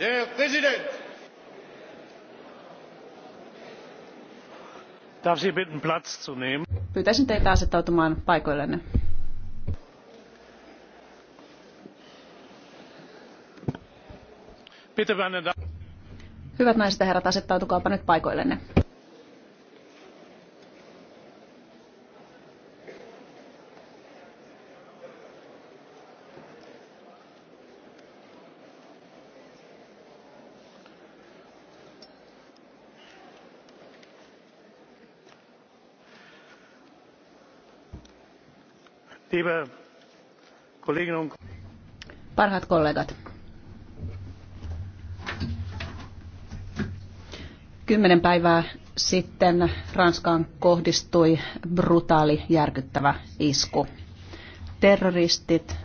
Der Präsident! Darf Sie bitten, Platz zu nehmen? Pyytäisin teitä asettautumaan paikoillenne. Bitte, meine Hyvät naiset ja herrat, asettautukaapa nyt paikoillenne. parhaat kollegat kymmenen päivää sitten Ranskaan kohdistui brutaali järkyttävä isku. Terroristit